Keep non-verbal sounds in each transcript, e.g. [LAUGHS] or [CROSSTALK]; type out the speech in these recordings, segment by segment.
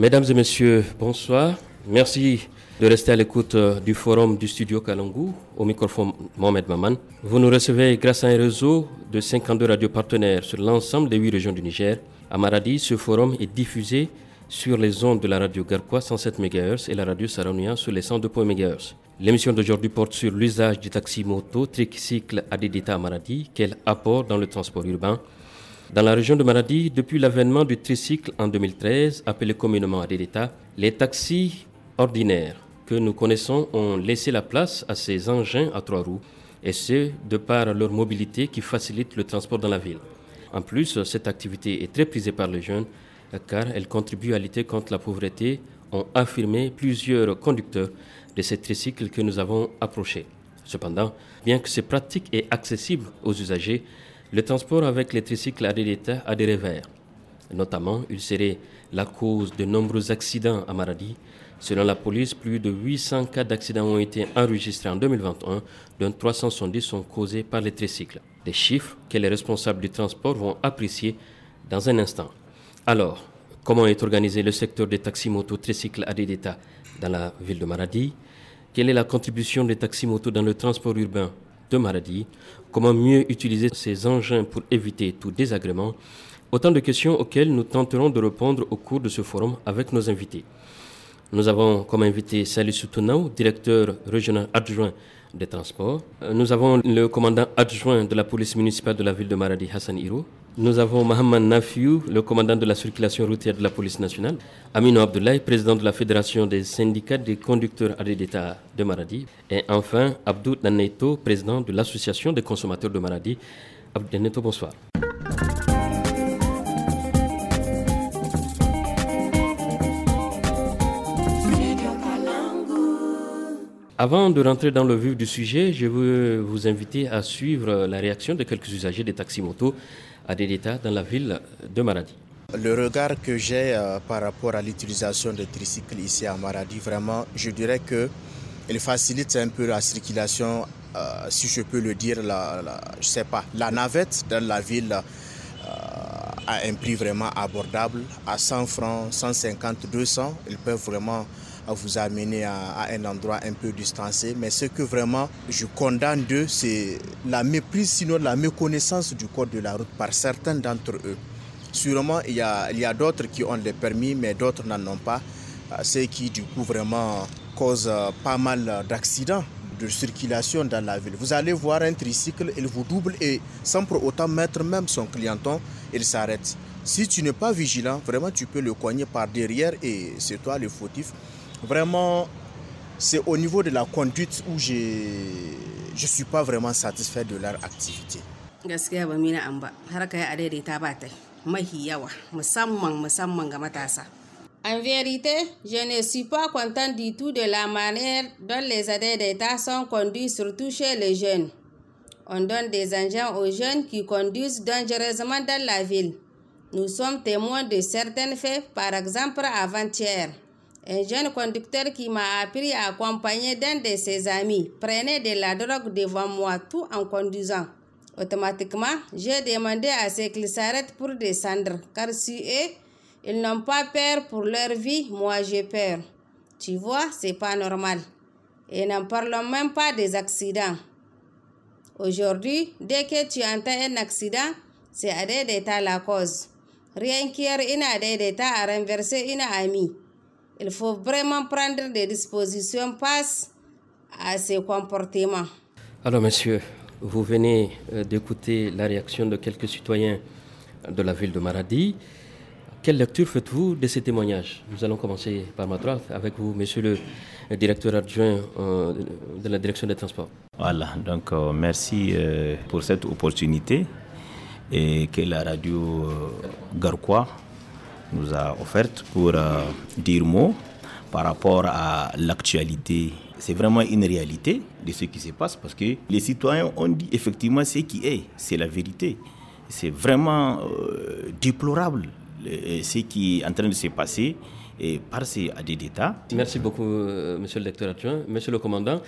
Mesdames et messieurs, bonsoir. Merci de rester à l'écoute euh, du forum du studio Kalangou au microphone Mohamed Maman. Vous nous recevez grâce à un réseau de 52 radios partenaires sur l'ensemble des 8 régions du Niger. À Maradi, ce forum est diffusé sur les ondes de la radio Garquois 107 MHz et la radio Sarania sur les 102 MHz. L'émission d'aujourd'hui porte sur l'usage du taxi moto tricycle à à Maradi, quel apport dans le transport urbain dans la région de Maradi, depuis l'avènement du tricycle en 2013, appelé communément états, les taxis ordinaires que nous connaissons ont laissé la place à ces engins à trois roues, et ce, de par leur mobilité qui facilite le transport dans la ville. En plus, cette activité est très prisée par les jeunes, car elle contribue à lutter contre la pauvreté, ont affirmé plusieurs conducteurs de ces tricycles que nous avons approchés. Cependant, bien que ces pratiques est accessible aux usagers, le transport avec les tricycles à a des revers. Notamment, il serait la cause de nombreux accidents à Maradi. Selon la police, plus de 800 cas d'accidents ont été enregistrés en 2021, dont 370 sont causés par les tricycles. Des chiffres que les responsables du transport vont apprécier dans un instant. Alors, comment est organisé le secteur des taxis motos tricycles à d'État dans la ville de Maradi Quelle est la contribution des taxis motos dans le transport urbain de maladie, comment mieux utiliser ces engins pour éviter tout désagrément, autant de questions auxquelles nous tenterons de répondre au cours de ce forum avec nos invités. Nous avons comme invité Salih Soutounaou, directeur régional adjoint des transports. Euh, nous avons le commandant adjoint de la police municipale de la ville de Maradi, Hassan Iro. Nous avons Mohamed Nafiou, le commandant de la circulation routière de la police nationale. Amino Abdoulaye, président de la fédération des syndicats des conducteurs arrêt d'État de Maradi. Et enfin, Abdou Naneto, président de l'association des consommateurs de Maradi. Abdou Naneto, bonsoir. Avant de rentrer dans le vif du sujet, je veux vous inviter à suivre la réaction de quelques usagers des taxis motos à détails dans la ville de Maradi. Le regard que j'ai euh, par rapport à l'utilisation des tricycles ici à Maradi, vraiment, je dirais que il facilite un peu la circulation, euh, si je peux le dire, la, je sais pas, la navette dans la ville à euh, un prix vraiment abordable, à 100 francs, 150, 200, ils peuvent vraiment vous amener à, un endroit un peu distancé. Mais ce que vraiment je condamne d'eux, c'est la méprise, sinon la méconnaissance du code de la route par certains d'entre eux. Sûrement, il y a, d'autres qui ont les permis, mais d'autres n'en ont pas. Euh, ce qui, du coup, vraiment cause euh, pas mal d'accidents de circulation dans la ville. Vous allez voir un tricycle, il vous double et sans pour autant mettre même son clienton, il s'arrête. Si tu n'es pas vigilant, vraiment tu peux le cogner par derrière et c'est toi le fautif vraiment, c'est au niveau de la conduite où je ne suis pas vraiment satisfait de leur activité. En vérité, je ne suis pas content du tout de la manière dont les d'État sont conduits, surtout chez les jeunes. On donne des engins aux jeunes qui conduisent dangereusement dans la ville. Nous sommes témoins de certains faits, par exemple avant-hier. Un eh, jeune conducteur qui m'a appris à accompagner d'un de ses amis prenait de la drogue devant moi tout en conduisant. Automatiquement, j'ai demandé à ce qu'ils s'arrêtent pour descendre, car si eux, ils n'ont pas peur pour leur vie, moi j'ai peur. Tu vois, c'est pas normal. Et n'en parlons même pas des accidents. Aujourd'hui, dès que tu entends un accident, c'est à des la cause. Rien qu'hier, une à des a renversé une amie. Il faut vraiment prendre des dispositions face à ces comportements. Alors, monsieur, vous venez euh, d'écouter la réaction de quelques citoyens de la ville de Maradi. Quelle lecture faites-vous de ces témoignages Nous allons commencer par ma droite avec vous, monsieur le directeur adjoint euh, de la direction des transports. Voilà, donc euh, merci pour cette opportunité et que la radio Garquois nous a offerte pour euh, dire mot par rapport à l'actualité. C'est vraiment une réalité de ce qui se passe parce que les citoyens ont dit effectivement ce qui est, c'est la vérité. C'est vraiment euh, déplorable euh, ce qui est en train de se passer et par ces des d'État. Merci beaucoup, monsieur le lecteur adjoint. Monsieur le commandant,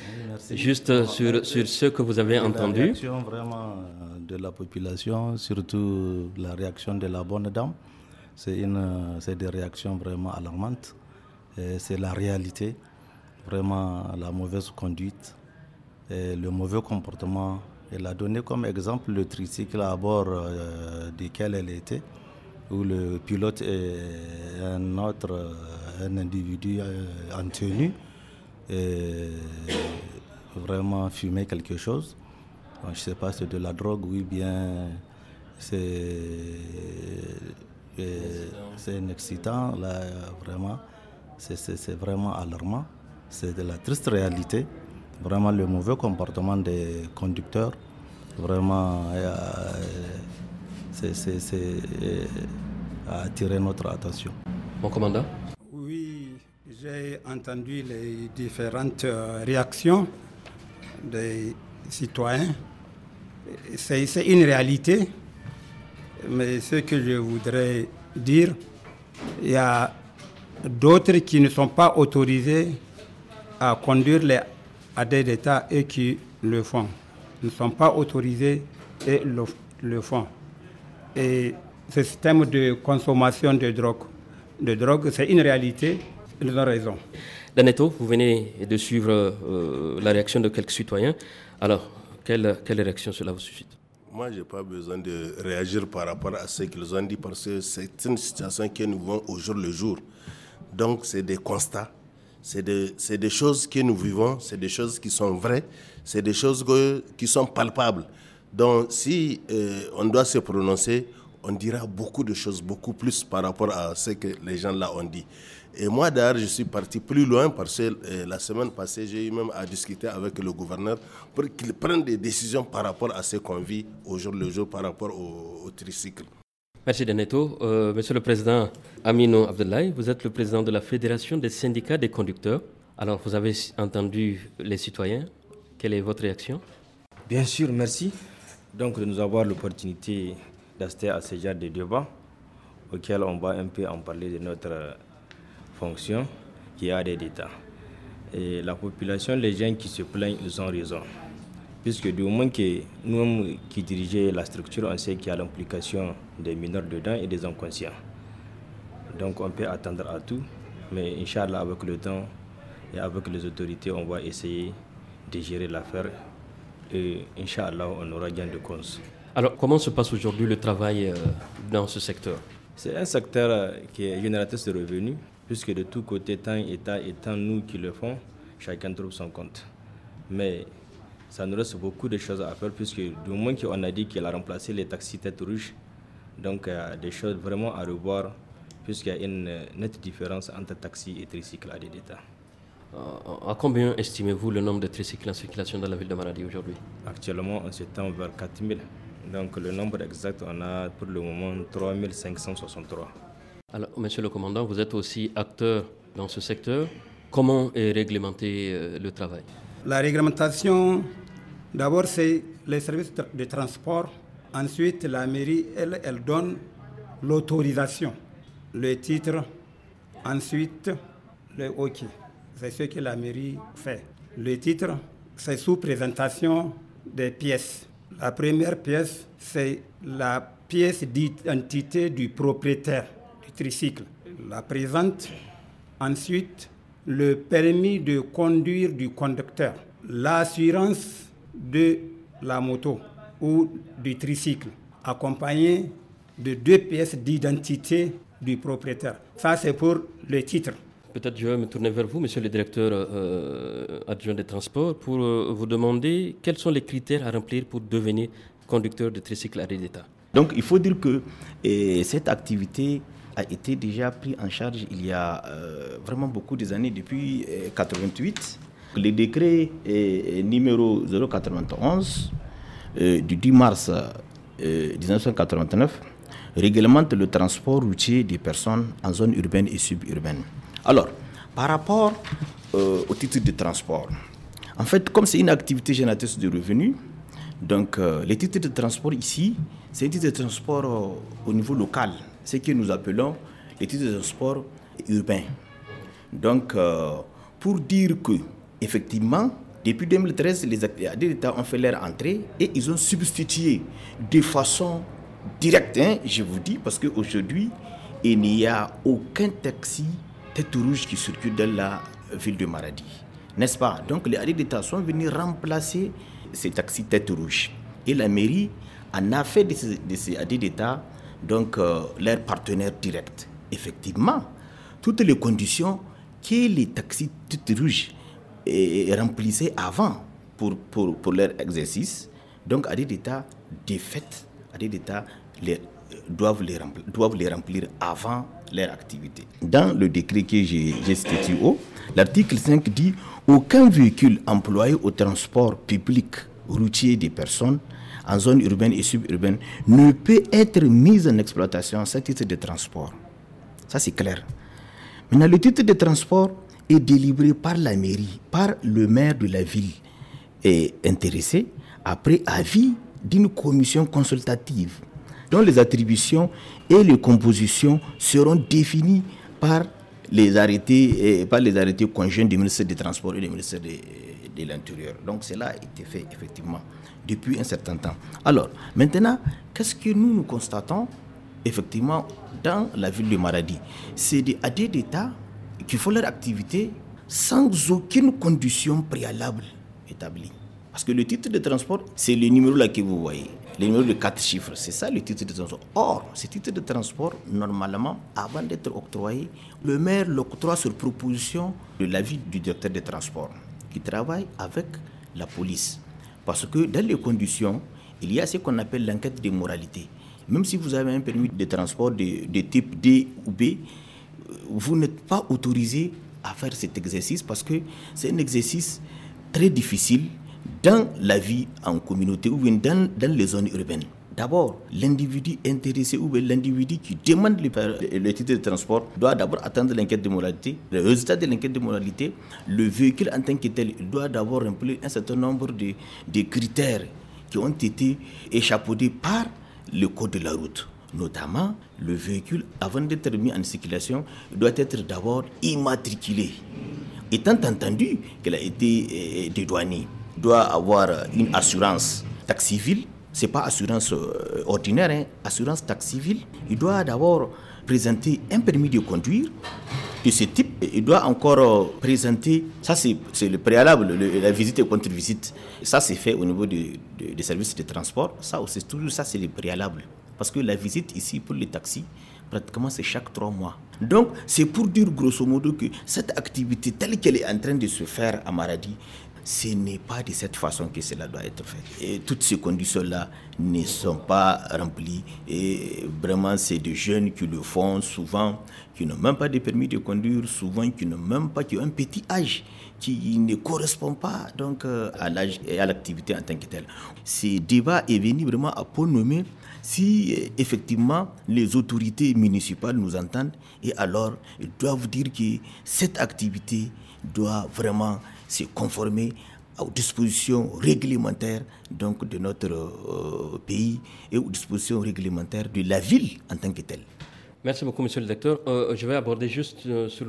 juste sur, sur ce que vous avez entendu. La réaction vraiment de la population, surtout la réaction de la bonne dame. Euh, c'est des réactions vraiment alarmantes. C'est la réalité, vraiment la mauvaise conduite, et le mauvais comportement. Elle a donné comme exemple le tricycle à bord euh, duquel elle était, où le pilote est un autre, euh, un individu en tenue, et vraiment fumait quelque chose. Je ne sais pas, si c'est de la drogue, oui, bien c'est c'est excitant, là, vraiment, c'est vraiment alarmant. C'est de la triste réalité. Vraiment, le mauvais comportement des conducteurs, vraiment, euh, c'est euh, a attiré notre attention. Mon commandant Oui, j'ai entendu les différentes euh, réactions des citoyens. C'est une réalité mais ce que je voudrais dire, il y a d'autres qui ne sont pas autorisés à conduire les des d'État et qui le font. Ils ne sont pas autorisés et le, font. Et ce système de consommation de drogue, de drogue, c'est une réalité. Ils ont raison. Daneto, vous venez de suivre euh, la réaction de quelques citoyens. Alors, quelle, quelle réaction cela vous suffit moi, je n'ai pas besoin de réagir par rapport à ce qu'ils ont dit parce que c'est une situation que nous vivons au jour le jour. Donc, c'est des constats, c'est des, des, choses que nous vivons, c'est des choses qui sont vraies, c'est des choses qui sont palpables. Donc, si euh, on doit se prononcer, on dira beaucoup de choses, beaucoup plus par rapport à ce que les gens là ont dit. Et moi, d'ailleurs, je suis parti plus loin parce que euh, la semaine passée, j'ai eu même à discuter avec le gouverneur pour qu'il prenne des décisions par rapport à ce qu'on vit au jour le jour par rapport au, tricycle. Merci Daneto. Euh, monsieur le Président Amino Abdullahi, vous êtes le président de la Fédération des syndicats des conducteurs. Alors, vous avez entendu les citoyens. Quelle est votre réaction Bien sûr, merci. Donc, de nous avoir l'opportunité d'assister à ce genre de débat auquel on va un peu en parler de notre fonction qui a des détails. Et la population, les gens qui se plaignent, ils ont raison. Puisque du moins que nous qui dirigeons la structure, on sait qu'il y a l'implication des mineurs dedans et des inconscients. Donc on peut attendre à tout, mais Inch'Allah, avec le temps et avec les autorités, on va essayer de gérer l'affaire. Et Inch'Allah, on aura gain de cause. Alors, comment se passe aujourd'hui le travail euh, dans ce secteur C'est un secteur euh, qui est générateur de revenus puisque de tous côtés, tant État et tant nous qui le font, chacun trouve son compte. Mais ça nous reste beaucoup de choses à faire, puisque du moins qu'on a dit qu'il a remplacé les taxis tête rouge, donc a euh, des choses vraiment à revoir, puisqu'il y a une euh, nette différence entre taxi et tricycle à l'État. Euh, à combien estimez-vous le nombre de tricycles en circulation dans la ville de Maradi aujourd'hui Actuellement, on s'étend vers 4000. Donc le nombre exact, on a pour le moment 3563. Alors, monsieur le commandant, vous êtes aussi acteur dans ce secteur. Comment est réglementé euh, le travail La réglementation, d'abord, c'est les services de transport. Ensuite, la mairie, elle, elle donne l'autorisation, le titre. Ensuite, le OK. C'est ce que la mairie fait. Le titre, c'est sous présentation des pièces. La première pièce, c'est la pièce d'identité du propriétaire tricycle. La présente. Ensuite, le permis de conduire du conducteur. L'assurance de la moto ou du tricycle, accompagné de deux pièces d'identité du propriétaire. Ça, c'est pour le titre. Peut-être je vais me tourner vers vous, monsieur le directeur euh, adjoint des transports, pour euh, vous demander quels sont les critères à remplir pour devenir conducteur de tricycle à d'État. Donc il faut dire que cette activité a été déjà pris en charge il y a euh, vraiment beaucoup d'années, années, depuis 1988. Euh, le décret numéro 091 euh, du 10 mars 1989 réglemente le transport routier des personnes en zone urbaine et suburbaine. Alors, par rapport au titre de transport, en fait, comme c'est une activité génératrice de revenus, donc le titre de transport ici, c'est un titre de transport au niveau local ce que nous appelons l'étude de sport urbain. Donc, euh, pour dire que, effectivement, depuis 2013, les acteurs d'État ont fait leur entrée et ils ont substitué de façon directe, hein, je vous dis, parce qu'aujourd'hui, il n'y a aucun taxi tête rouge qui circule dans la ville de Maradi. N'est-ce pas Donc les alliés d'État sont venus remplacer ces taxis tête rouge. Et la mairie en a fait de ces, de d'État donc euh, leurs partenaires directs. Effectivement, toutes les conditions que les taxis toutes rouges remplissaient avant pour, pour, pour, leur exercice, donc à des états défaites, à des états euh, doivent, les remplir, doivent les remplir avant leur activité. Dans le décret que j'ai statué haut, l'article 5 dit aucun véhicule employé au transport public routier des personnes en zone urbaine et suburbaine ne peut être mise en exploitation sans titre de transport. Ça, c'est clair. Maintenant, le titre de transport est délibéré par la mairie, par le maire de la ville et intéressé, après avis d'une commission consultative dont les attributions et les compositions seront définies par les arrêtés, et eh, par les arrêtés conjoints du ministère des Transports et du ministère des l'intérieur. Donc cela a été fait effectivement depuis un certain temps. Alors maintenant, qu'est-ce que nous nous constatons effectivement dans la ville de Maradi C'est des AD d'État qui font leur activité sans aucune condition préalable établie. Parce que le titre de transport, c'est le numéro là que vous voyez, le numéro de quatre chiffres. C'est ça le titre de transport. Or, ce titre de transport, normalement, avant d'être octroyé, le maire l'octroie sur proposition de l'avis du directeur des transports qui travaillent avec la police. Parce que dans les conditions, il y a ce qu'on appelle l'enquête de moralité. Même si vous avez un permis de transport de, type D ou B, vous n'êtes pas autorisé à faire cet exercice parce que c'est un exercice très difficile dans la vie en communauté ou dans, dans les zones urbaines. D'abord, l'individu intéressé ou l'individu qui demande le, titre de transport doit d'abord attendre l'enquête de moralité. Le résultat de l'enquête de moralité, le véhicule en tant que tel doit d'abord remplir un certain nombre de, critères qui ont été échappaudés par le code de la route. Notamment, le véhicule, avant d'être mis en circulation, doit être d'abord immatriculé. Étant entendu qu'elle a été euh, dédouanée, doit avoir une assurance taxe civile n'est pas assurance euh, ordinaire, hein. assurance taxe civile, il doit d'abord présenter un permis de conduire de ce type. Il doit encore euh, présenter, ça c'est le préalable, la visite et contre-visite. Ça c'est fait au niveau des services de transport. Ça aussi, toujours ça c'est le préalable. Parce que la visite ici pour les taxis, pratiquement c'est chaque trois mois. Donc c'est pour dire grosso modo que cette activité telle qu'elle est en train de se faire à Maradi, ce n'est pas de cette façon que cela doit être fait. Et toutes ces conditions-là ne sont pas remplies. Et vraiment, c'est des jeunes qui le font souvent, qui n'ont même pas de permis de conduire, souvent qui n'ont même pas, qui ont un petit âge qui ne correspond pas donc euh, à l'âge et à l'activité en tant que telle. Ce débat est venu vraiment à point si euh, effectivement les autorités municipales nous entendent et alors ils doivent dire que cette activité doit vraiment se conformer aux dispositions réglementaires donc, de notre euh, pays et aux dispositions réglementaires de la ville en tant que telle. Merci beaucoup, monsieur le directeur. Euh, euh, je vais aborder juste sur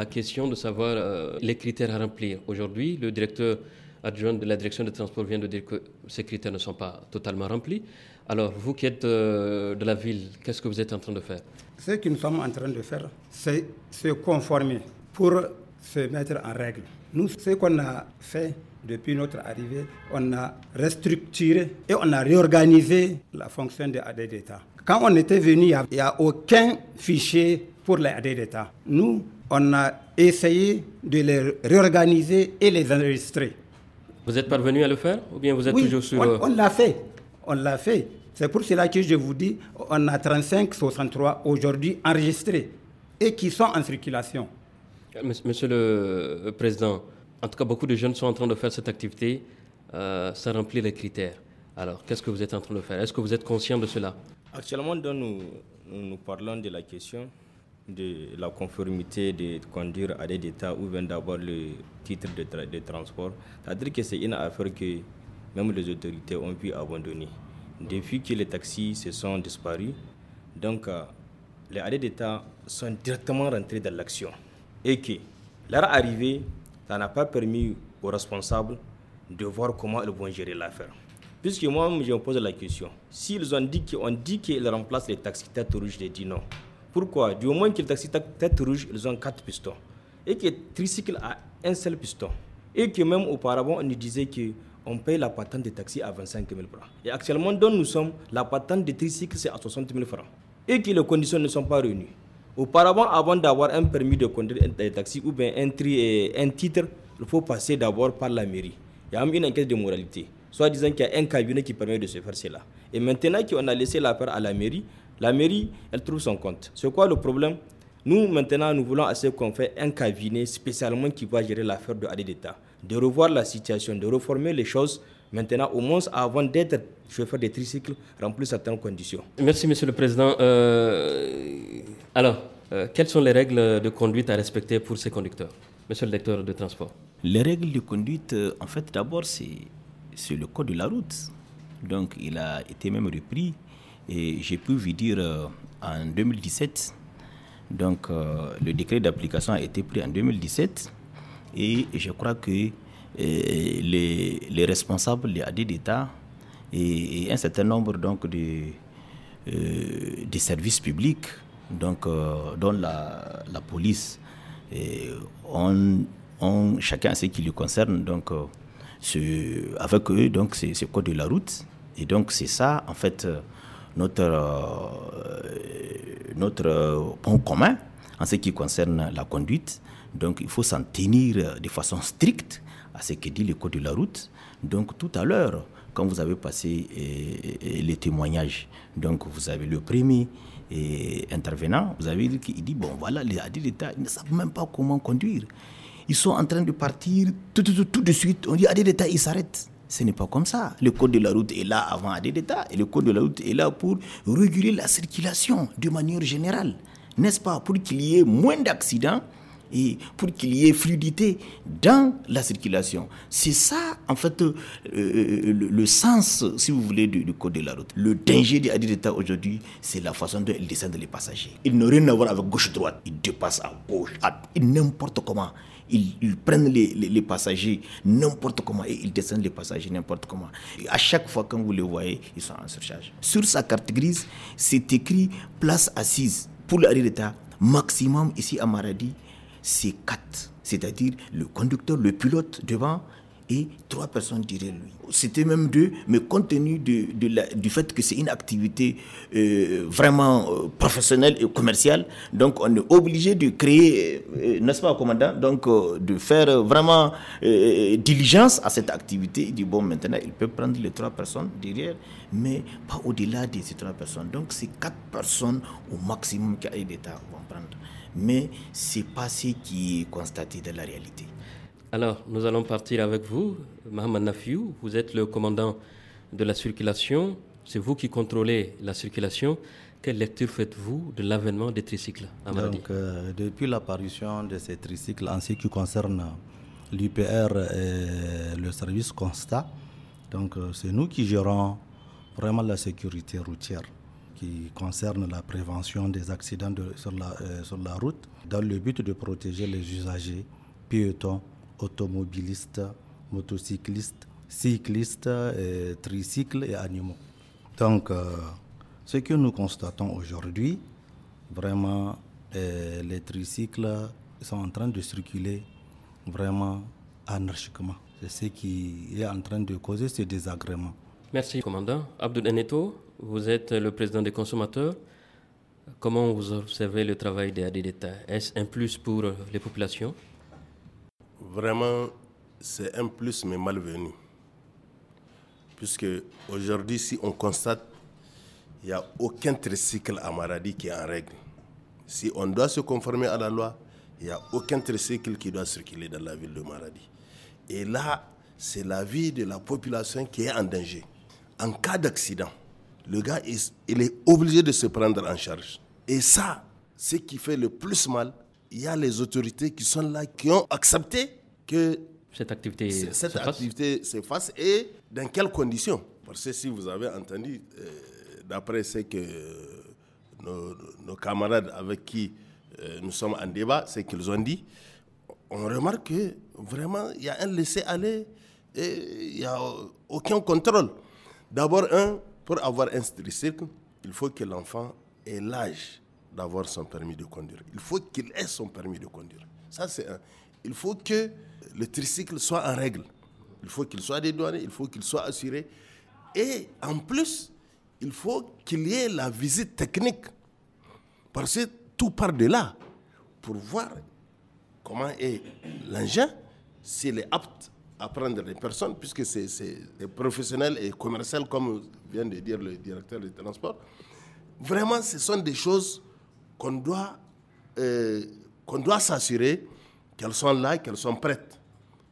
la question de savoir les critères à remplir. Aujourd'hui, le directeur adjoint de la direction des transports vient de dire que ces critères ne sont pas totalement remplis. Alors, vous qui êtes de la ville, qu'est-ce que vous êtes en train de faire Ce que nous sommes en train de faire, c'est se conformer pour se mettre en règle. Nous, ce qu'on a fait depuis notre arrivée, on a restructuré et on a réorganisé la fonction des AD d'État. Quand on était venu, il n'y a, aucun fichier pour les AD d'État. Nous, on a essayé de les réorganiser et les enregistrer. Vous êtes parvenu à le faire ou bien vous êtes toujours sur... On, euh, on l'a fait, on l'a fait. C'est pour cela que je vous dis, on a 35-63 aujourd'hui enregistrés et qui sont en circulation. Monsieur le euh, Président, en tout cas, beaucoup de jeunes sont en train de faire cette activité. ça euh, remplit les critères. Alors, qu'est-ce que vous êtes en train de faire Est-ce que vous êtes conscient de cela Actuellement, nous, nous, parlons de la question de la conformité de conduire à des d'État où vient d'avoir le titre de, transport. cest dire que c'est une affaire que même les autorités ont pu abandonner. Depuis que les taxis se sont disparus, donc euh, les aides d'État sont directement rentrés dans l'action et que leur arrivée, ça n'a pas permis aux responsables de voir comment ils vont gérer l'affaire. Puisque moi, je me pose la question, s'ils ont dit qu'on dit qu'ils remplacent les taxis tête rouge, j'ai dit non. Pourquoi Du moment que les taxis tête rouge, ils ont quatre pistons. Et que tricycle a un seul piston. Et que même auparavant, on nous disait que on paye la patente de taxis à 25 000 francs. Et actuellement, dont nous sommes, la patente de tricycles, c'est à 60 000 francs. Et que les conditions ne sont pas réunies. Auparavant, avant d'avoir un permis de conduire un taxi ou bien un, euh, un titre, il faut passer d'abord par la mairie. Il y a une enquête de moralité, soit disant qu'il y a un cabinet qui permet de se faire cela. Et maintenant qu'on a laissé l'affaire à la mairie, la mairie, elle trouve son compte. C'est quoi le problème Nous, maintenant, nous voulons à ce qu'on fait un cabinet spécialement qui va gérer l'affaire de d'état de revoir la situation, de reformer les choses Maintenant, au moins, avant d'être chauffeur de tricycle, remplit certaines conditions. Merci, Monsieur le Président. Euh, alors, euh, quelles sont les règles de conduite à respecter pour ces conducteurs, Monsieur le directeur de transport Les règles de conduite, euh, en fait, d'abord, c'est le code de la route. Donc, il a été même repris. Et j'ai pu vous dire en 2017, donc le décret d'application a été pris en 2017. Et je crois que les, responsables, les adhérents d'État et, un certain nombre donc de, euh, des services publics, donc, euh, dont la, police, et on, on, chacun ce qui lui concerne, donc, euh, ce, avec eux, donc, c'est ce code de la route. Et donc, c'est ça, en fait, notre, notre point commun en ce qui concerne la conduite. Donc, il faut s'en tenir de façon stricte à ce que dit le code de la route. Donc tout à l'heure, quand vous avez passé eh, eh, eh, les témoignages, donc vous avez le premier intervenant, vous avez dit qu'il dit, bon voilà, les adultes ils ne savent même pas comment conduire. Ils sont en train de partir tout, de suite. On dit, adultes d'État, ils s'arrêtent. Ce n'est pas comme ça. Le code de la route est là avant AD d'État et le code de la route est là pour réguler la circulation de manière générale. N'est-ce pas Pour qu'il y ait moins d'accidents et pour qu'il y ait fluidité dans la circulation. C'est ça, en fait, euh, euh, le, sens, si vous voulez, du, code de la route. Le danger des hadiths aujourd'hui, c'est la façon dont ils descendent les passagers. Ils n'ont rien à voir avec gauche-droite. Ils dépassent à gauche, à n'importe comment. Ils, prennent les, passagers n'importe comment et ils descendent les passagers n'importe comment. Et à chaque fois, que vous les voyez, ils sont en surcharge. Sur sa carte grise, c'est écrit place assise pour l'arrêt d'État maximum ici à Maradi c'est quatre, cest c'est-à-dire le conducteur, le pilote devant et trois personnes derrière lui. C'était même deux, mais compte tenu du fait que c'est une activité euh, vraiment euh, professionnelle et commerciale, donc on est obligé de créer, euh, n'est-ce pas, commandant, donc de faire vraiment diligence à cette activité. Il dit, bon, maintenant, il peut prendre les trois personnes derrière, mais pas au-delà de ces trois personnes. Donc, c'est quatre personnes au maximum à d'état vont prendre mais ce n'est pas ce qui est constaté dans la réalité. Alors, nous allons partir avec vous, Mohamed Nafiou. Vous êtes le commandant de la circulation. C'est vous qui contrôlez la circulation. Quelle lecture faites-vous de l'avènement des tricycles à Donc, euh, depuis l'apparition de ces tricycles, en ce qui concerne l'UPR et le service constat, donc euh, c'est nous qui gérons vraiment la sécurité routière qui concerne la prévention des accidents euh, sur, la, route dans le but de protéger les usagers, piétons, automobilistes, motocyclistes, cyclistes, et euh, tricycles et animaux. Donc, euh, ce que nous constatons aujourd'hui, vraiment, les tricycles sont en train de circuler vraiment anarchiquement. C'est ce qui est en train de causer ce désagrément. Merci, commandant. Abdou Eneto, vous êtes le président des consommateurs. Comment vous observez le travail des d'État Est-ce un plus pour les populations Vraiment, c'est un plus, mais malvenu. Puisque aujourd'hui, si on constate, il n'y a aucun tricycle à Maradi qui est en règle. Si on doit se conformer à la loi, il n'y a aucun tricycle qui doit circuler dans la ville de Maradi. Et là, c'est la vie de la population qui est en danger. En cas d'accident, le gars, il est obligé de se prendre en charge. Et ça, ce qui fait le plus mal, il y a les autorités qui sont là, qui ont accepté que cette activité se fasse. et dans quelles conditions. Parce que si vous avez entendu, euh, d'après ce que nos, camarades avec qui euh, nous sommes en débat, ce qu'ils ont dit, on remarque que vraiment, il y a un laisser-aller et il n'y a aucun contrôle. D'abord, un, pour avoir un tricycle, il faut que l'enfant ait l'âge d'avoir son permis de conduire. Il faut qu'il ait son permis de conduire. Ça, c'est Il faut que le tricycle soit en règle. Il faut qu'il soit dédouané, il faut qu'il soit assuré. Et en plus, il faut qu'il y ait la visite technique. Parce que tout part de là. Pour voir comment est l'engin, s'il est apte à prendre les personnes, puisque c'est professionnel et commercial comme vient de dire le directeur des transports. Vraiment, ce sont des choses qu'on doit, euh, qu'on doit s'assurer qu'elles sont là, qu'elles sont prêtes.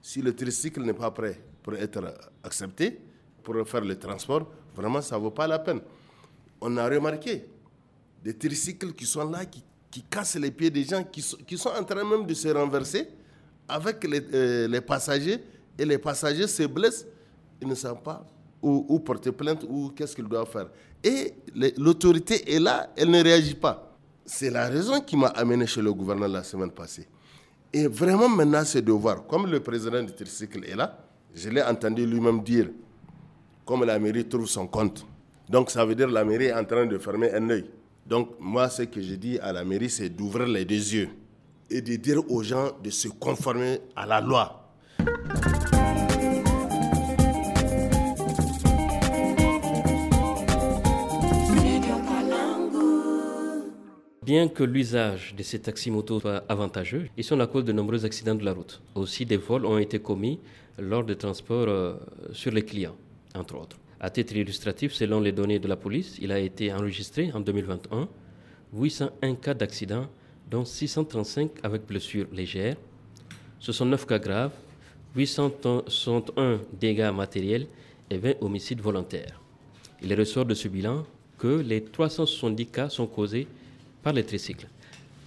Si le tricycle n'est pas prêt pour être accepté, pour faire le transport, vraiment, ça ne vaut pas la peine. On a remarqué des tricycles qui sont là, qui, qui cassent les pieds des gens, qui, qui, sont en train même de se renverser avec les, euh, les passagers, et les passagers se blessent, ils ne savent pas ou, porter plainte ou qu'est-ce qu'il doit faire. Et l'autorité est là, elle ne réagit pas. C'est la raison qui m'a amené chez le gouverneur la semaine passée. Et vraiment maintenant, c'est de voir, comme le président du tricycle est là, je l'ai entendu lui-même dire, comme la mairie trouve son compte. Donc ça veut dire la mairie est en train de fermer un œil. Donc moi, ce que je dis à la mairie, c'est d'ouvrir les deux yeux et de dire aux gens de se conformer à la loi. Bien que l'usage de ces taxis motos soit avantageux, ils sont la cause de nombreux accidents de la route. Aussi, des vols ont été commis lors des transports euh, sur les clients, entre autres. À titre illustratif, selon les données de la police, il a été enregistré en 2021 801 cas d'accidents, dont 635 avec blessures légères, 69 cas graves, 861 dégâts matériels et 20 homicides volontaires. Il ressort de ce bilan que les 370 cas sont causés par les tricycles.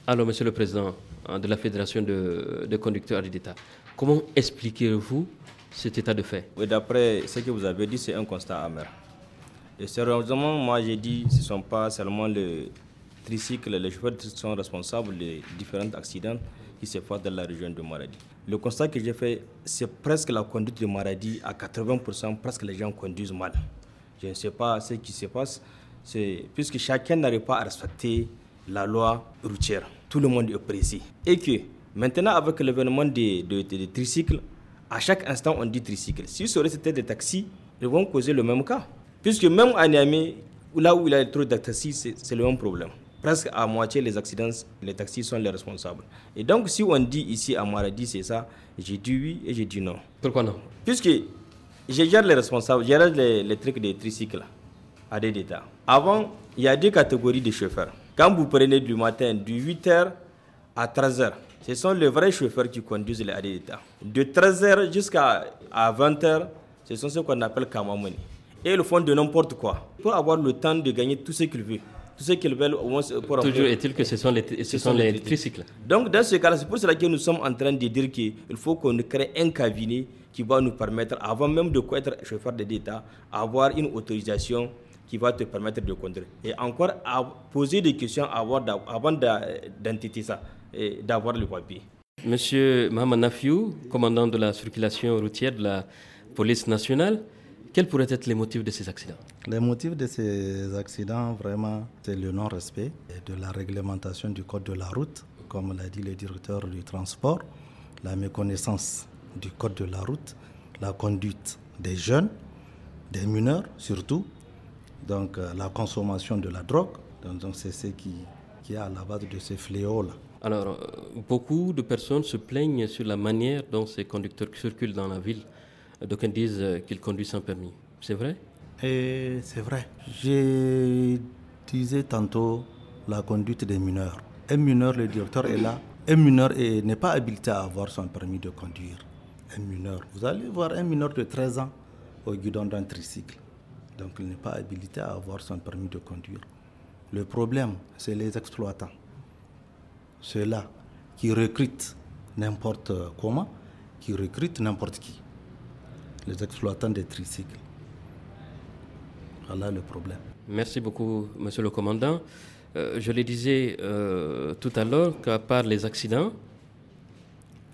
Alors, Monsieur le Président euh, de la Fédération de, de conducteurs d'État, comment expliquez-vous cet état de fait D'après ce que vous avez dit, c'est un constat amer. Et sérieusement, moi j'ai dit ce ne sont pas seulement les tricycles, les chauffeurs sont responsables des différents accidents qui se font dans la région de Maradi. Le constat que j'ai fait, c'est presque la conduite de Maradi à 80%, presque les gens conduisent mal. Je ne sais pas ce qui se passe, puisque chacun n'arrive pas à respecter la loi routière. Tout le monde est précis. Et que maintenant, avec l'événement des, tricycles, à chaque instant, on dit tricycle. Si ce c'était des taxis, ils vont causer le même cas. Puisque même à Niamey, là où il y a trop de taxis, c'est le même problème. Presque à moitié les accidents, les taxis sont les responsables. Et donc, si on dit ici à Maradi, c'est ça, j'ai dit oui et j'ai dit non. Pourquoi non Puisque je gère les responsables, je gère les, trucs des tricycles à des Avant, il y a deux catégories de chauffeurs. Quand vous prenez du matin, du 8h à 13h, ce sont les vrais chauffeurs qui conduisent les AD De 13h jusqu'à 20h, ce sont ceux qu'on appelle Kamamoni. Et ils font de n'importe quoi pour avoir le temps de gagner tout ce qu'ils veulent. Tout ce qu'ils veulent, au moins pour Toujours est-il que ce sont les, tricycles. Donc, dans ce cas-là, c'est pour cela que nous sommes en train de dire qu'il faut qu'on crée un cabinet qui va nous permettre, avant même de être chauffeur d'État, avoir une autorisation qui va te permettre de conduire... Et encore, à poser des questions avant, d'identifier ça, d'avoir le papier. Monsieur Mohamed Nafiou, commandant de la circulation routière de la police nationale, quels pourraient être les motifs de ces accidents Les motifs de ces accidents, vraiment, c'est le non-respect de la réglementation du code de la route, comme l'a dit le directeur du transport, la méconnaissance du code de la route, la conduite des jeunes, des mineurs surtout, donc euh, la consommation de la drogue. c'est ce qui, qui est à la base de ces fléaux-là. Alors, euh, beaucoup de personnes se plaignent sur la manière dont ces conducteurs circulent dans la ville. Donc, ils disent euh, qu'ils conduisent sans permis. C'est vrai C'est vrai. J'ai disais tantôt la conduite des mineurs. Un mineur, le directeur est là. Un mineur n'est pas habilité à avoir son permis de conduire. Un mineur. Vous allez voir un mineur de 13 ans au guidon d'un tricycle. Donc il n'est pas habilité à avoir son permis de conduire. Le problème, c'est les exploitants. Ceux-là qui recrutent n'importe comment, qui recrutent n'importe qui. Les exploitants des tricycles. Voilà le problème. Merci beaucoup, monsieur le commandant. Euh, je le disais euh, tout à l'heure qu'à part les accidents,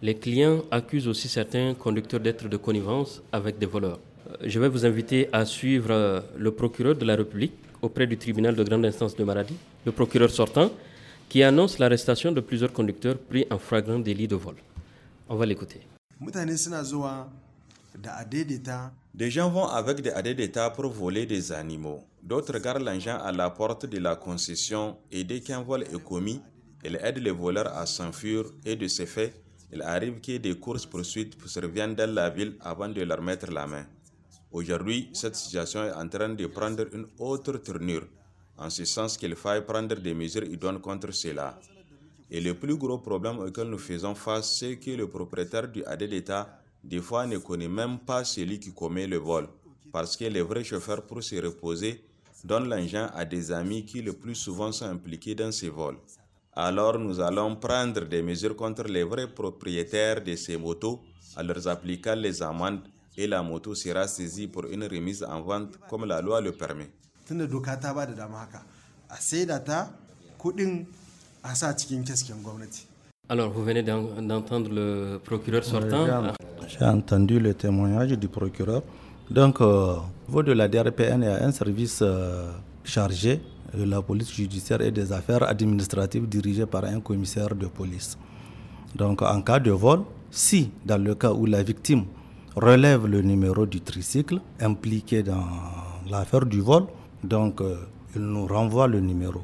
les clients accusent aussi certains conducteurs d'être de connivence avec des voleurs je vais vous inviter à suivre euh, le procureur de la République auprès du tribunal de grande instance de Maradi, le procureur sortant, qui annonce l'arrestation de plusieurs conducteurs pris en flagrant délit de vol. On va l'écouter. Des gens vont avec des d'état pour voler des animaux. D'autres gardent l'engin à la porte de la concession et dès qu'un vol est commis, ils aident les voleurs à s'enfuir et de ce fait, il arrive ait des courses-poursuites pour se reviennent dans la ville avant de leur mettre la main. Aujourd'hui, cette situation est en train de prendre une autre tournure, en ce sens qu'il faille prendre des mesures idoines contre cela. Et le plus gros problème auquel nous faisons face, c'est que le propriétaire du AD d'État, des fois, ne connaît même pas celui qui commet le vol, parce que les vrais chauffeurs, pour se reposer, donnent l'engin à des amis qui le plus souvent sont impliqués dans ces vols. Alors nous allons prendre des mesures contre les vrais propriétaires de ces motos en leur appliquant les amendes et la moto sera saisie pour une remise en vente comme la loi le permet. Alors, vous venez d'entendre le procureur sortant. Ah. J'ai entendu le témoignage du procureur. Donc, au euh, niveau de la DRPN, il y a un service euh, chargé de euh, la police judiciaire et des affaires administratives dirigé par un commissaire de police. Donc, en cas de vol, si dans le cas où la victime relève le numéro du tricycle impliqué dans l'affaire du vol. Donc, euh, il nous renvoie le numéro.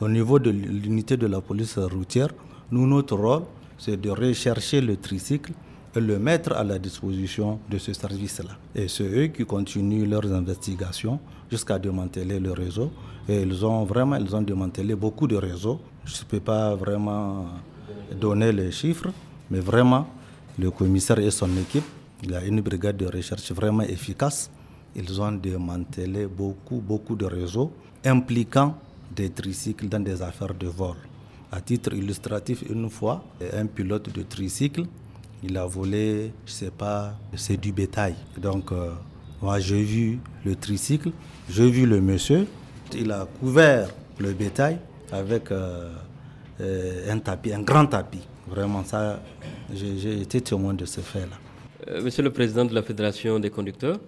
Au niveau de l'unité de la police routière, nous, notre rôle, c'est de rechercher le tricycle et le mettre à la disposition de ce service-là. Et c'est eux qui continuent leurs investigations jusqu'à démanteler le réseau. Et ils ont vraiment, ils ont démantelé beaucoup de réseaux. Je ne peux pas vraiment donner les chiffres, mais vraiment, le commissaire et son équipe il y a une brigade de recherche vraiment efficace. Ils ont démantelé beaucoup, beaucoup de réseaux impliquant des tricycles dans des affaires de vol. À titre illustratif, une fois, un pilote de tricycle, il a volé, je ne sais pas, c'est du bétail. Donc, euh, moi, j'ai vu le tricycle, j'ai vu le monsieur, il a couvert le bétail avec euh, euh, un tapis, un grand tapis. Vraiment, ça, j'ai été témoin de ce fait-là. Euh, monsieur le Président de la Fédération des conducteurs,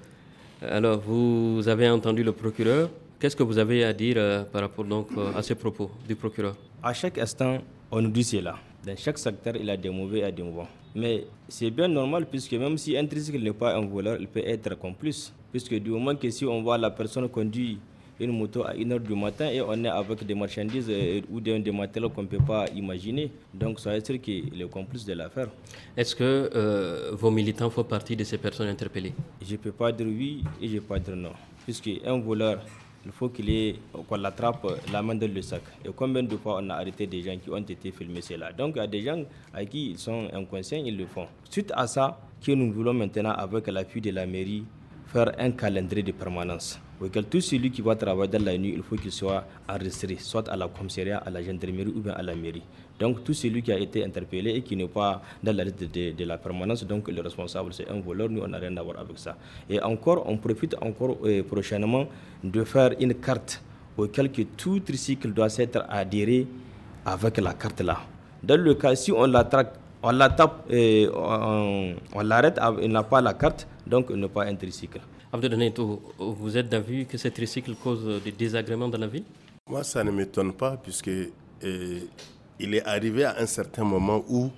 euh, alors vous avez entendu le procureur. Qu'est-ce que vous avez à dire euh, par rapport donc, à ces propos du procureur À chaque instant, on nous dit cela. Dans chaque secteur, il y a des mauvais et des bons. Mais c'est bien normal puisque même si un tricycle n'est pas un voleur, il peut être complice. Puisque du moment que si on voit la personne conduire une moto à 1h du matin et on est avec des marchandises euh, ou des, des matériaux qu'on ne peut pas imaginer. Donc ça être sûr qu'il est complice de l'affaire. Est-ce que euh, vos militants font partie de ces personnes interpellées Je ne peux pas dire oui et je ne peux pas dire non. Puisque un voleur, il faut qu'il qu'on l'attrape euh, la main dans le sac. Et combien de fois on a arrêté des gens qui ont été filmés cela Donc il y a des gens à qui ils sont inconscients, ils le font. Suite à ça, que nous voulons maintenant avec l'appui de la mairie faire un calendrier de permanence auquel tout celui qui va travailler dans la nuit, il faut qu'il soit enregistré, soit à la commissariat, à la gendarmerie ou bien à la mairie. Donc tout celui qui a été interpellé et qui n'est pas dans la liste de, la permanence, donc le responsable c'est un voleur, nous on n'a rien à voir avec ça. Et encore, on profite encore euh, prochainement de faire une carte auquel que tout tricycle doit s'être adhéré avec la carte là. Dans le cas, si on la on la tape, et euh, on, l'arrête, ah, il n'a pas la carte, donc il n'a pas un tricycle. vous êtes d'avis que ce tricycle cause des désagréments dans la ville Moi, ça ne m'étonne pas, puisque eh, il est arrivé à un certain moment où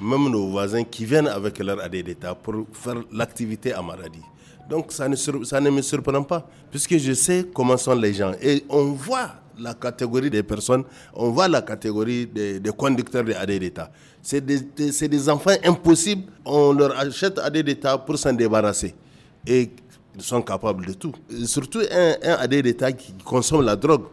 même nos voisins qui viennent avec leur AD d'État pour faire l'activité à Maradi. Donc ça ne, ça ne me surprend pas, puisque je sais comment sont les gens. Et on voit la catégorie des personnes, on voit la catégorie des, conducteurs de AD d'État. C'est des, enfants impossibles, on leur achète AD d'État pour s'en débarrasser. Et ils sont capables de tout. surtout un, un AD d'État qui consomme la drogue.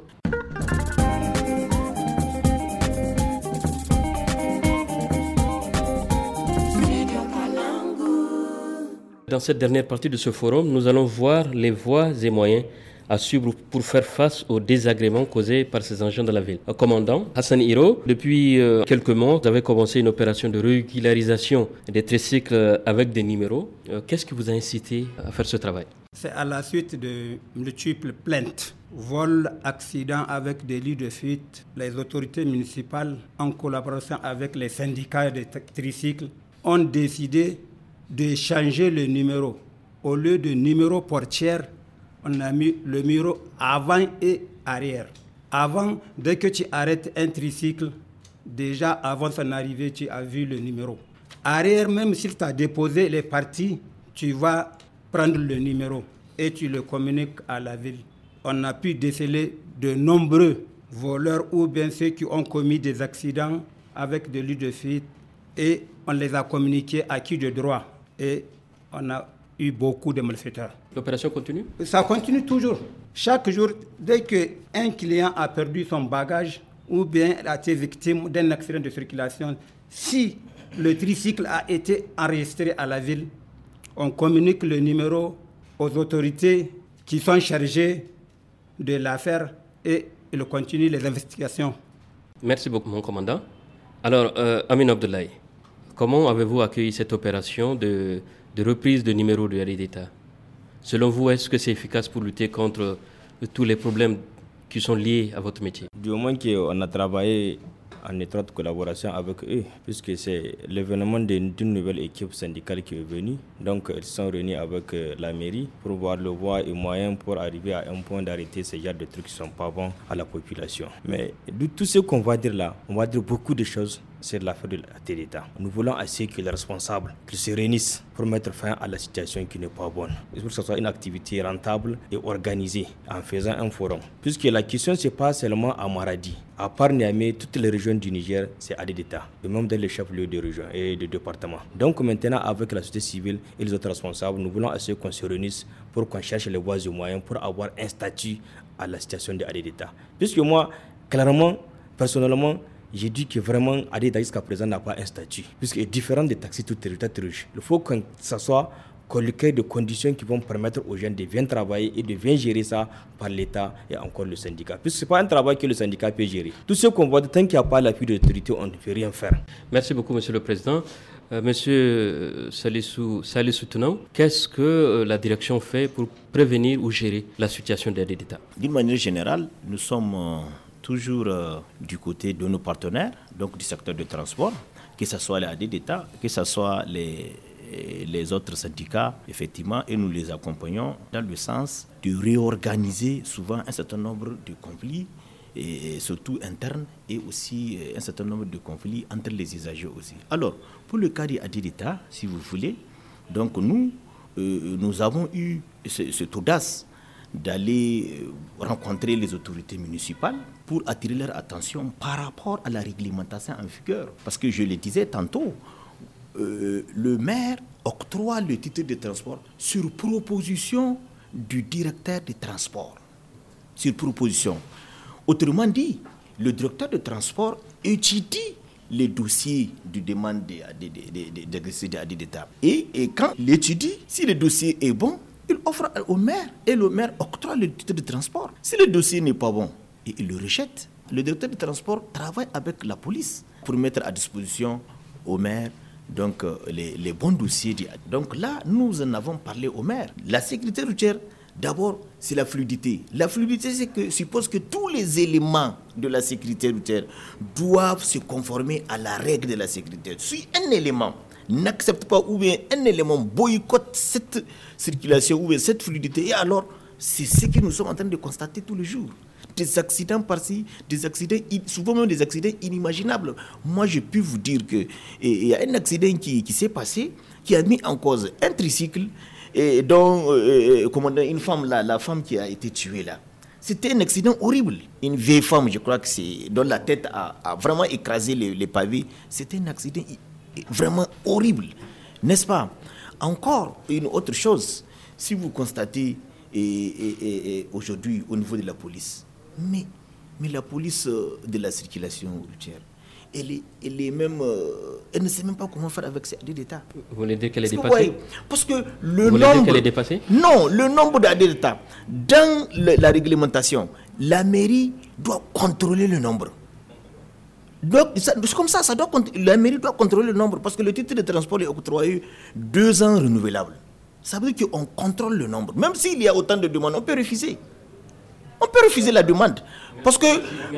Dans cette dernière partie de ce forum, nous allons voir les voies et moyens à suivre pour faire face aux désagréments causés par ces engins de la ville. Euh, commandant Hassan Hiro, depuis euh, quelques mois, vous avez commencé une opération de régularisation des tricycles euh, avec des numéros. Qu'est-ce qui vous a incité à faire ce travail C'est à la suite de multiples plaintes vols, accidents avec des lits de fuite, les autorités municipales, en collaboration avec les syndicats des tricycles, ont décidé de changer le numéro. Au lieu de numéro portière, on a mis le numéro avant et arrière. Avant, dès que tu arrêtes un tricycle, déjà avant son arrivée, tu as vu le numéro. Arrière, même si tu as déposé les parties, tu vas prendre le numéro et tu le communiques à la ville. On a pu déceler de nombreux voleurs ou bien ceux qui ont commis des accidents avec de l'huile de fuite et on les a communiqués à qui de droit. Et on a eu beaucoup de malfaiteurs. L'opération continue Ça continue toujours. Chaque jour, dès qu'un client a perdu son bagage ou bien a été victime d'un accident de circulation, si le tricycle a été enregistré à la ville, on communique le numéro aux autorités qui sont chargées de l'affaire et ils continue les investigations. Merci beaucoup, mon commandant. Alors, euh, Amin Abdoulaye, comment avez-vous accueilli cette opération de de reprise de numéro de l'État. Selon vous, est-ce que c'est efficace pour lutter contre euh, tous les problèmes qui sont liés à votre métier Du moment qu'on a travaillé en étroite collaboration avec eux, puisque c'est l'événement d'une nouvelle équipe syndicale qui est venue. Donc, ils sont réunis avec euh, la mairie pour voir le voie et moyens pour arriver à un point d'arrêter ces genre de trucs qui ne sont pas bons à la population. Mais de tout ce qu'on va dire là, on va dire beaucoup de choses c'est l'affaire de l'ADDETA Nous voulons assez que les responsables se réunissent pour mettre fin à la situation qui n'est pas bonne. Il pour que ce soit une activité rentable et organisée en faisant un forum. Puisque la question, ce n'est pas seulement à Maradi. À part Niamey, toutes les régions du Niger, c'est à et même dans les chefs-lieux de région et de département. Donc maintenant, avec la société civile et les autres responsables, nous voulons assez qu'on se réunisse pour qu'on cherche les voies et moyens pour avoir un statut à la situation de d'État. Puisque moi, clairement, personnellement, j'ai dit que vraiment Adeda jusqu'à présent n'a pas un statut, puisqu'il est différent des taxis tout territoire Il faut que ça soit colloqué de conditions qui vont permettre aux jeunes de bien travailler et de bien gérer ça par l'État et encore le syndicat. Puisque ce n'est pas un travail que le syndicat peut gérer. Tout ce qu'on voit, tant qu'il n'y a pas l'appui de l'autorité, on ne peut rien faire. Merci beaucoup, Monsieur le Président. M. Euh, monsieur euh, Salissou, soutenant qu'est-ce que euh, la direction fait pour prévenir ou gérer la situation des d'État D'une manière générale, nous sommes toujours euh, du côté de nos partenaires, donc du secteur de transport, que ce soit les AD d'État, que ce soit les, les autres syndicats, effectivement, et nous les accompagnons dans le sens de réorganiser souvent un certain nombre de conflits, et surtout internes, et aussi euh, un certain nombre de conflits entre les usagers aussi. Alors, pour le cas des AD d'État, si vous voulez, donc nous, euh, nous avons eu cette audace d'aller rencontrer les autorités municipales pour attirer leur attention par rapport à la réglementation en vigueur. Parce que je le disais tantôt, le maire octroie le titre de transport sur proposition du directeur des transport. Sur proposition. Autrement dit, le directeur de transport étudie les dossiers du demande des de, de, de, et, et quand il étudie, si le dossier est bon, il offre au maire et le maire octroie le titre de transport. Si le dossier n'est pas bon, il le rejette. Le directeur de transport travaille avec la police pour mettre à disposition au maire donc, euh, les, les bons dossiers. Donc là, nous en avons parlé au maire. La sécurité routière, d'abord, c'est la fluidité. La fluidité, c'est que suppose que tous les éléments de la sécurité routière doivent se conformer à la règle de la sécurité. Si un élément n'accepte pas ou bien un élément boycotte cette circulation ou bien cette fluidité. Et alors, c'est ce que nous sommes en train de constater tous les jours. Des accidents par-ci, des accidents, souvent même des accidents inimaginables. Moi, je peux vous dire qu'il y a un accident qui, s'est passé, qui a mis en cause un tricycle, et dont euh, euh, euh, une femme, la, la femme qui a été tuée là. C'était un accident horrible. Une vieille femme, je crois que c'est, dont la tête a, vraiment écrasé les, les pavés. C'était un accident vraiment horrible, n'est-ce pas Encore une autre chose, si vous constatez et, aujourd'hui au niveau de la police, mais, mais la police euh, de la circulation routière, elle est, elle même, euh, elle ne sait même pas comment faire avec ces aides d'État. Vous voulez dire qu'elle est dépassée Parce que le nombre. Non, le nombre d'aides d'État. Dans la réglementation, la mairie doit contrôler le nombre. C'est comme ça, ça doit, la mairie doit contrôler le nombre parce que le titre de transport est octroyé deux ans renouvelable. Ça veut dire qu'on contrôle le nombre. Même s'il y a autant de demandes, on peut refuser. On peut refuser la demande. Parce que,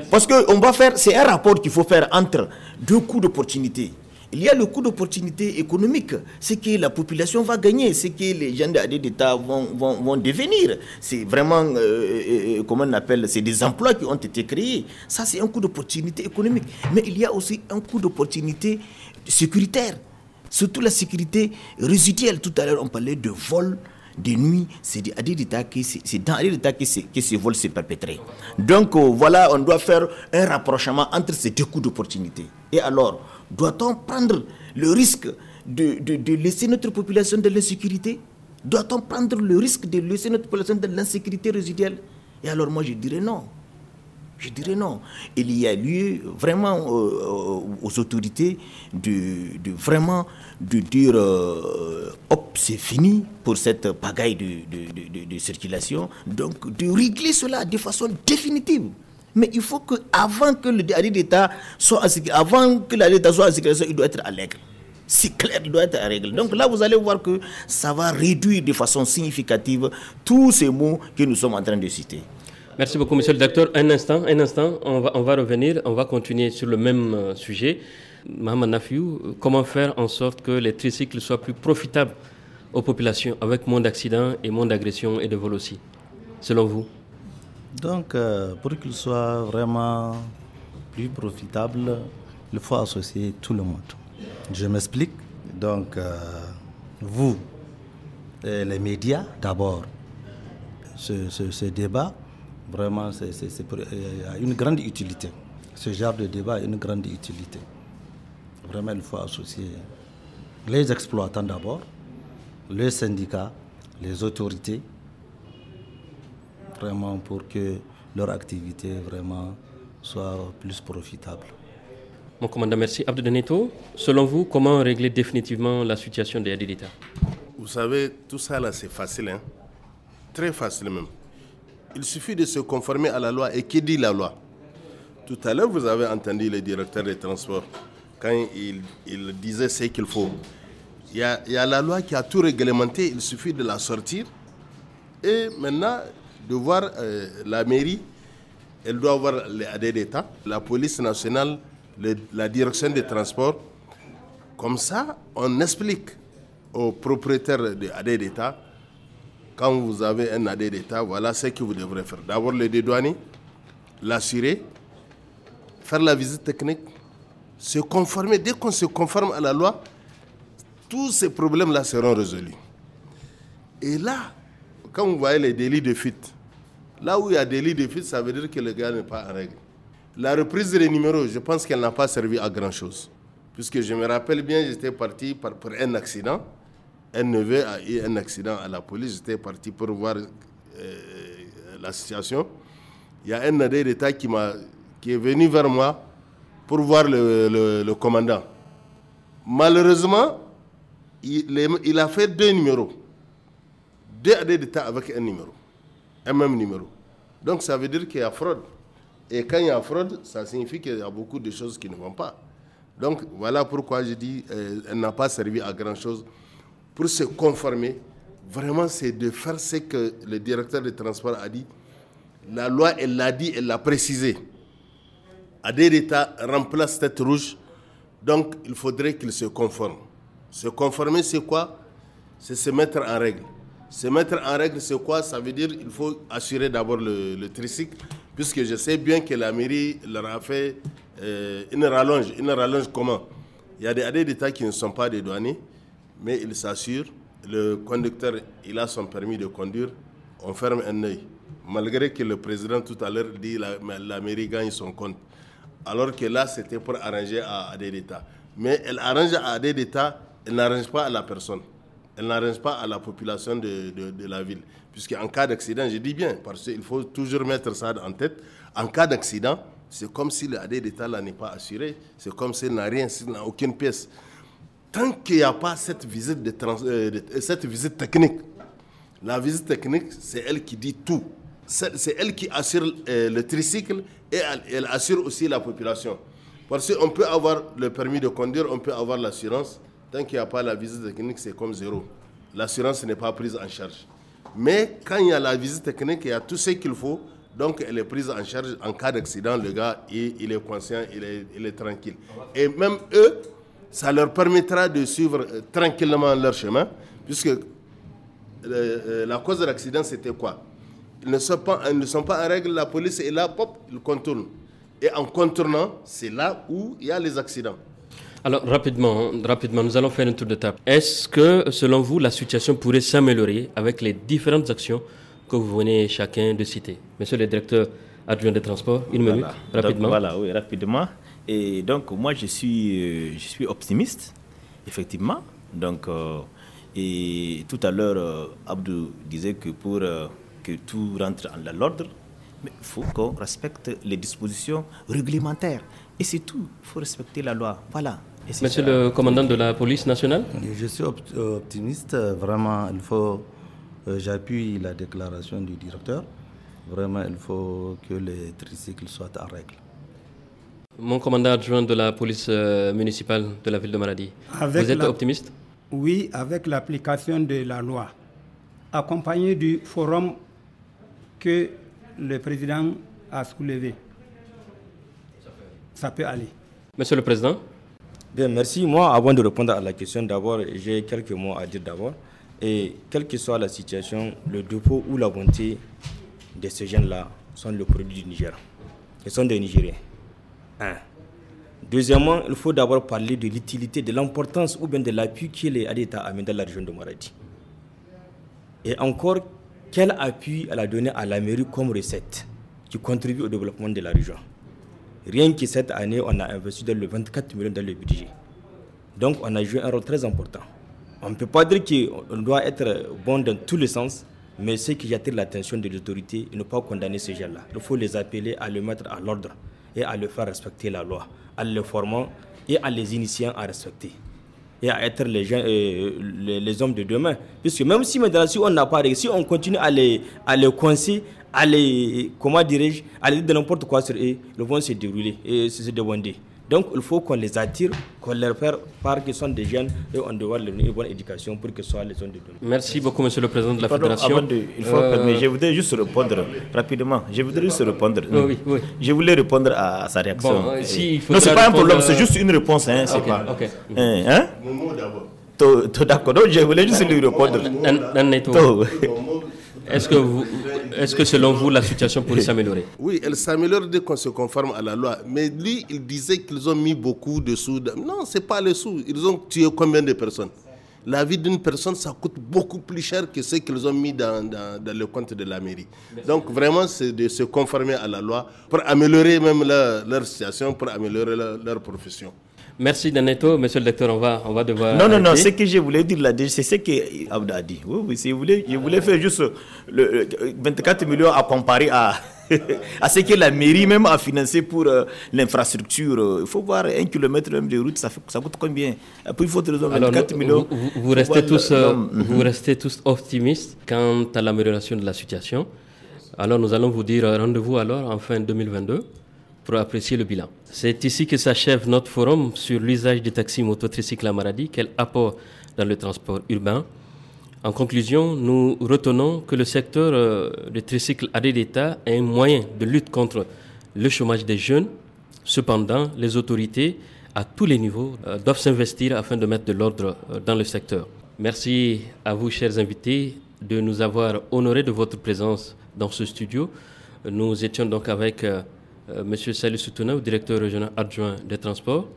parce que on va faire, c'est un rapport qu'il faut faire entre deux coups d'opportunité il y a le coût d'opportunité économique, ce que la population va gagner, ce que les gens d'État vont, vont, vont, devenir. C'est vraiment, euh, euh, euh, comment on appelle, c'est des emplois qui ont été créés. Ça, c'est un coût d'opportunité économique. Mais il y a aussi un coût d'opportunité sécuritaire, surtout la sécurité résiduelle. Tout à l'heure, on parlait de vol de nuit, c'est dans l'État que ce vol s'est perpétré. Donc voilà, on doit faire un rapprochement entre ces deux coûts d'opportunité. Et alors, doit-on prendre le risque de, laisser notre population dans l'insécurité Doit-on prendre le risque de laisser notre population de l'insécurité résiduelle Et alors moi je dirais non. Je dirais non. Il y a lieu vraiment euh, euh, aux autorités de, vraiment de dire euh, hop, c'est fini pour cette pagaille de, de circulation. Donc de régler cela de façon définitive. Mais il faut que, avant que le d'État soit avant que soit en sécurité, il doit être à l'aigle. C'est clair, il doit être à règle. Donc là, vous allez voir que ça va réduire de façon significative tous ces mots que nous sommes en train de citer. Merci beaucoup, monsieur le docteur. Un instant, un instant, on va, revenir, on va continuer sur le même euh, sujet. Maman Nafiou, comment faire en sorte que les tricycles soient plus profitables aux populations avec moins d'accidents et moins d'agressions et de vols aussi, selon vous donc, euh, pour qu'il soit vraiment plus profitable, il faut associer tout le monde. Je m'explique. Donc, euh, vous, les médias, d'abord, ce, débat, vraiment, c'est euh, a une grande utilité. Ce genre de débat a une grande utilité. Vraiment, il faut associer les exploitants d'abord, les syndicats, les autorités, vraiment pour que leur activité vraiment soit plus profitable. Mon commandant, merci. Abdou Neto, selon vous, comment régler définitivement la situation des aides Vous savez, tout ça là, c'est facile. Hein? Très facile même. Il suffit de se conformer à la loi. Et qui dit la loi Tout à l'heure, vous avez entendu le directeur des transports quand il, disait ce qu'il faut. Il y, a, il y a la loi qui a tout réglementé, il suffit de la sortir. Et maintenant, de voir euh, la mairie, elle doit avoir les AD d'État, la police nationale, la direction des transports. Comme ça, on explique aux propriétaires de AD d'État, quand vous avez un AD d'État, voilà ce que vous devrez faire. D'abord le dédouaner, l'assurer, faire la visite technique, se conformer. Dès qu'on se conforme à la loi, tous ces problèmes-là seront résolus. Et là, quand vous voyez les délits de fuite, là où il y a délit de fuite, ça veut dire que le gars n'est pas en règle. La reprise des numéros, je pense qu'elle n'a pas servi à grand-chose. Puisque je me rappelle bien, j'étais parti pour un accident. Un neveu a eu un accident à la police. J'étais parti pour voir euh, la situation. Il y a un aide d'État qui, qui est venu vers moi pour voir le, commandant. Malheureusement, il a fait deux numéros deux d'État avec un numéro, un même numéro. Donc ça veut dire qu'il y a fraude. Et quand il y a fraude, ça signifie qu'il y a beaucoup de choses qui ne vont pas. Donc voilà pourquoi je dis euh, elle n'a pas servi à grand-chose. Pour se conformer, vraiment, c'est de faire ce que le directeur des transports a dit. La loi, elle l'a dit, elle l'a précisé. des d'État remplace tête rouge, donc il faudrait qu'il se conforme. Se conformer, c'est quoi C'est se mettre en règle. Se mettre en règle, c'est quoi Ça veut dire qu'il faut assurer d'abord le, le, tricycle, puisque je sais bien que la mairie leur a fait euh, une rallonge. Une rallonge comment Il y a des adhérents d'État qui ne sont pas des douaniers, mais ils s'assurent. Le conducteur, il a son permis de conduire. On ferme un œil. Malgré que le président tout à l'heure dit la, la mairie gagne son compte. Alors que là, c'était pour arranger à des d'État. Mais elle arrange à des d'État, elle n'arrange pas à la personne elle n'arrange pas à la population de, la ville. Puisqu'en cas d'accident, je dis bien, parce qu'il faut toujours mettre ça en tête, en cas d'accident, c'est comme si le AD d'État n'est pas assuré, c'est comme s'il n'a rien, s'il n'a aucune pièce. Tant qu'il n'y a pas cette visite, de euh, euh, cette visite technique, la visite technique, c'est elle qui dit tout. C'est elle qui assure euh, le tricycle et elle, elle, assure aussi la population. Parce qu'on peut avoir le permis de conduire, on peut avoir l'assurance, Tant qu'il n'y a pas la visite technique, c'est comme zéro. L'assurance n'est pas prise en charge. Mais quand il y a la visite technique, il y a tout ce qu'il faut. Donc, elle est prise en charge en cas d'accident. Le gars, il, il, est conscient, il est, tranquille. Et même eux, ça leur permettra de suivre euh, tranquillement leur chemin, puisque euh, euh, la cause de l'accident, c'était quoi ils ne, sont pas, ne sont pas en règle, la police est là, pop, ils contournent. Et en contournant, c'est là où il y a les accidents. Alors rapidement, rapidement, nous allons faire un tour de table. Est-ce que selon vous, la situation pourrait s'améliorer avec les différentes actions que vous venez chacun de citer Monsieur le directeur adjoint des transports, une minute, rapidement. voilà, oui, rapidement. Et donc moi, je suis, euh, je suis optimiste, effectivement. Donc, euh, et tout à l'heure, euh, Abdou disait que pour que tout rentre dans l'ordre, il faut qu'on respecte les dispositions réglementaires. Et c'est tout, il faut respecter la loi. Voilà. Monsieur le commandant de la police nationale Je suis optimiste. Vraiment, il faut. Euh, j'appuie la déclaration du directeur. Vraiment, il faut que les tricycles soient en règle. Mon commandant adjoint de la police euh, municipale de la ville de Maradi. Vous êtes optimiste Oui, avec l'application de la loi, accompagné du forum que le président a soulevé. Ça peut aller. Monsieur le Président, merci. Moi, avant de répondre à la question, d'abord, j'ai quelques mots à dire d'abord. Et quelle que soit la situation, le dépôt ou la bonté de ces jeunes-là sont le produit du Niger. Ils sont des Nigériens. Un. Deuxièmement, il faut d'abord parler de l'utilité, de l'importance ou bien de l'appui à les à amené dans la région de Maradi. Et encore, quel appui elle a donné à l'Amérique comme recette qui contribue au développement de la région Rien que cette année, on a investi 24 millions dans le budget. Donc on a joué un rôle très important. On ne peut pas dire qu'on doit être bon dans tous les sens, mais ce qui attire l'attention de l'autorité, ne pas condamner ces gens-là. Il faut les appeler à le mettre à l'ordre et à le faire respecter la loi, à les formant et à les initiant à respecter et à être les, gens, euh, les, hommes de demain. Puisque même si maintenant, si on n'a pas réussi, on continue à les, à les coincer, à les, comment dirais-je, à les dire de n'importe quoi sur eux, le vent s'est déroulé et se débander. Donc il faut qu'on les attire, qu'on leur fasse part qu'ils sont des jeunes et on doit leur donner une bonne éducation pour qu'ils soient les zones de demain. Merci beaucoup, monsieur le président de la Pardon, Fédération. De, il faut euh, je voudrais juste répondre rapidement. Je voudrais juste répondre. oui, oui. Je voulais répondre à, sa réaction. Euh, non, ce n'est pas un problème, c'est juste une réponse. Hein, pas... Hein? hein? d'abord. D'accord, je voulais juste lui répondre. Est-ce que, vous, est que selon vous, la situation pourrait [LAUGHS] s'améliorer Oui, elle s'améliore dès qu'on se conforme à la loi. Mais lui, il disait qu'ils ont mis beaucoup de sous. Non, ce n'est pas les sous. Ils ont tué combien de personnes la vie d'une personne, ça coûte beaucoup plus cher que ce qu'ils ont mis dans, le compte de la mairie. Donc vraiment, c'est de se conformer à la loi pour améliorer même leur, situation, pour améliorer leur profession. Merci Daneto, monsieur le docteur, on va, on va devoir... Non, non, non, ce que je voulais dire là, c'est ce que a dit. Oui, oui, si voulez, je voulais faire juste le, 24 millions à comparer à, [LAUGHS] à ce que la mairie même a financé pour euh, l'infrastructure. Il faut voir un kilomètre de route, ça, coûte combien Après, il faut 24 millions. Vous, restez tous, euh, vous mhm. restez tous optimistes quant à l'amélioration de la situation. Alors, nous allons vous dire euh, rendez-vous alors en fin 2022 pour apprécier le bilan. C'est ici que s'achève notre forum sur l'usage des taxis mototricycles à Maradi, quel apport dans le transport urbain. En conclusion, nous retenons que le secteur euh, des tricycles à l'État est un moyen de lutte contre le chômage des jeunes. Cependant, les autorités à tous les niveaux euh, doivent s'investir afin de mettre de l'ordre euh, dans le secteur. Merci à vous, chers invités, de nous avoir honorés de votre présence dans ce studio. Nous étions donc avec euh, Monsieur Salih Soutouna, directeur régional adjoint des transports,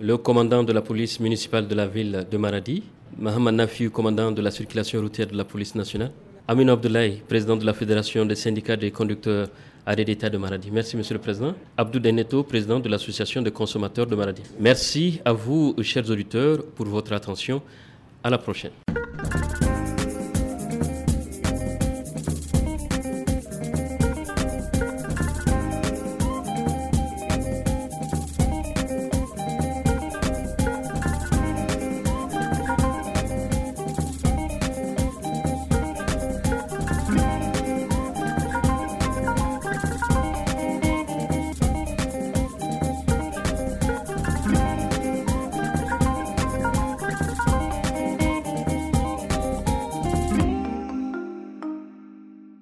le commandant de la police municipale de la ville de Maradi, Mohamed Nafiou, commandant de la circulation routière de la police nationale, Amin Abdoulaye, président de la Fédération des syndicats des conducteurs à d'État de Maradi. Merci, Monsieur le Président. Abdou Deneto, président de l'Association des consommateurs de Maradi. Merci à vous, chers auditeurs, pour votre attention. À la prochaine.